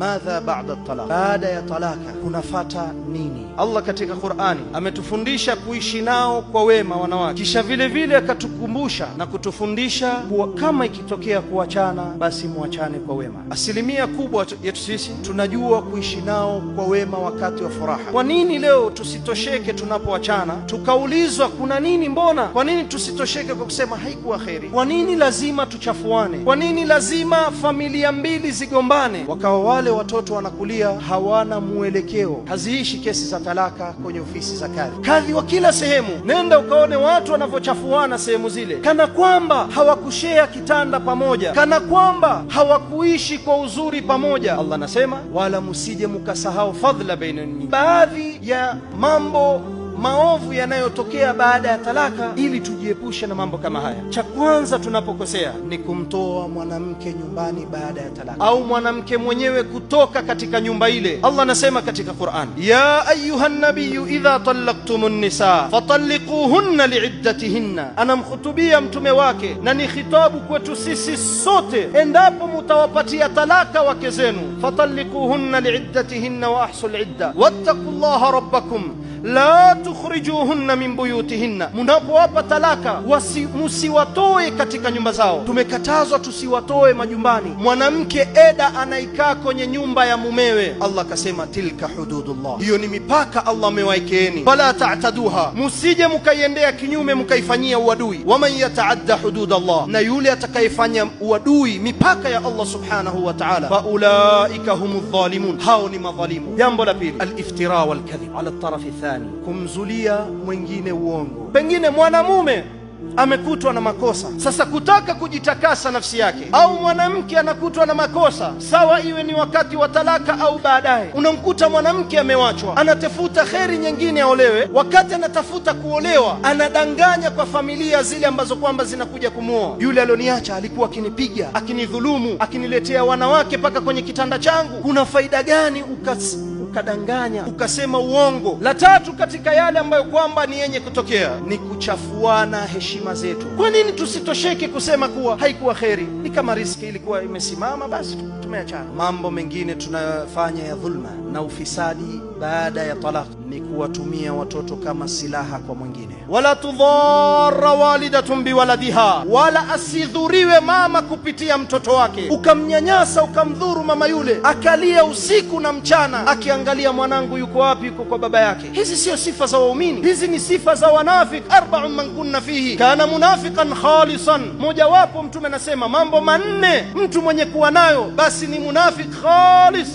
Madha ba'da talaq, baada ya talaka kunafata nini? Allah katika Qur'ani ametufundisha kuishi nao kwa wema wanawake, kisha vile vile akatukumbusha na kutufundisha kuwa kama ikitokea kuachana, basi muachane kwa wema. Asilimia kubwa yetu sisi tunajua kuishi nao kwa wema wakati wa furaha. Kwa nini leo tusitosheke tunapoachana, tukaulizwa kuna nini, mbona? Kwa nini tusitosheke kwa kusema haikuwa kheri? Kwa nini lazima tuchafuane? Kwa nini lazima familia mbili zigombane? Wakawa wale wale watoto wanakulia hawana mwelekeo. Haziishi kesi za talaka kwenye ofisi za kadhi, kadhi wa kila sehemu. Nenda ukaone watu wanavyochafuana sehemu zile, kana kwamba hawakushea kitanda pamoja, kana kwamba hawakuishi kwa uzuri pamoja. Allah anasema, wala msije mukasahau fadhla baina, baadhi ya mambo maovu yanayotokea baada ya talaka, ili tujiepushe na mambo kama haya. Cha kwanza tunapokosea ni kumtoa mwanamke nyumbani baada ya talaka, au mwanamke mwenyewe kutoka katika nyumba ile. Allah anasema katika Qur'an, ya ayuha nabiyu idha talaqtum nisa fatalliquhunna liiddatihinna, anamkhutubia mtume wake na ni khitabu kwetu sisi sote, endapo mutawapatia talaka wake zenu, fatalliquhunna liiddatihinna wa ahsul idda wattaqullaha rabbakum la tukhrijuhunna min buyutihinna, munapowapa talaka wasi, musiwatoe katika nyumba zao. Tumekatazwa tusiwatoe majumbani. Mwanamke eda anaikaa kwenye nyumba ya mumewe, Allah akasema tilka hududullah, hiyo ni mipaka Allah amewaekeeni. Fala ta'taduha, musije mukaiendea kinyume mukaifanyia uadui. Waman yataadda hudud Allah, na yule atakayefanya uadui mipaka ya Allah subhanahu wa ta'ala, fa ulaika humudhalimun, hao ni madhalimu. Jambo la pili, aliftira walkadhib ala tarafi thani gani? Kumzulia mwingine uongo. Pengine mwanamume amekutwa na makosa, sasa kutaka kujitakasa nafsi yake, au mwanamke anakutwa na makosa, sawa iwe ni wakati wa talaka au baadaye. Unamkuta mwanamke amewachwa, anatafuta kheri nyingine aolewe. Wakati anatafuta kuolewa, anadanganya kwa familia zile ambazo kwamba zinakuja kumwoa: yule alioniacha alikuwa akinipiga, akinidhulumu, akiniletea wanawake mpaka kwenye kitanda changu. Kuna faida gani ukadanganya, ukasema uongo. La tatu katika yale ambayo kwamba ni yenye kutokea ni kuchafuana heshima zetu. Kwa nini tusitosheke kusema kuwa haikuwa kheri, ni kama riski ilikuwa imesimama, basi tumeachana? Mambo mengine tunayofanya ya dhulma na ufisadi baada ya talaka ni kuwatumia watoto kama silaha kwa mwingine wala tudhara walidatun biwaladiha, wala asidhuriwe mama kupitia mtoto wake. Ukamnyanyasa ukamdhuru mama yule, akalia usiku na mchana, akiangalia mwanangu yuko wapi, yuko kwa baba yake. Hizi siyo sifa za waumini, hizi ni sifa za wanafik. Arbaun man kunna fihi kana munafiqan khalisan, mojawapo Mtume anasema mambo manne mtu mwenye kuwa nayo basi ni munafik khalis.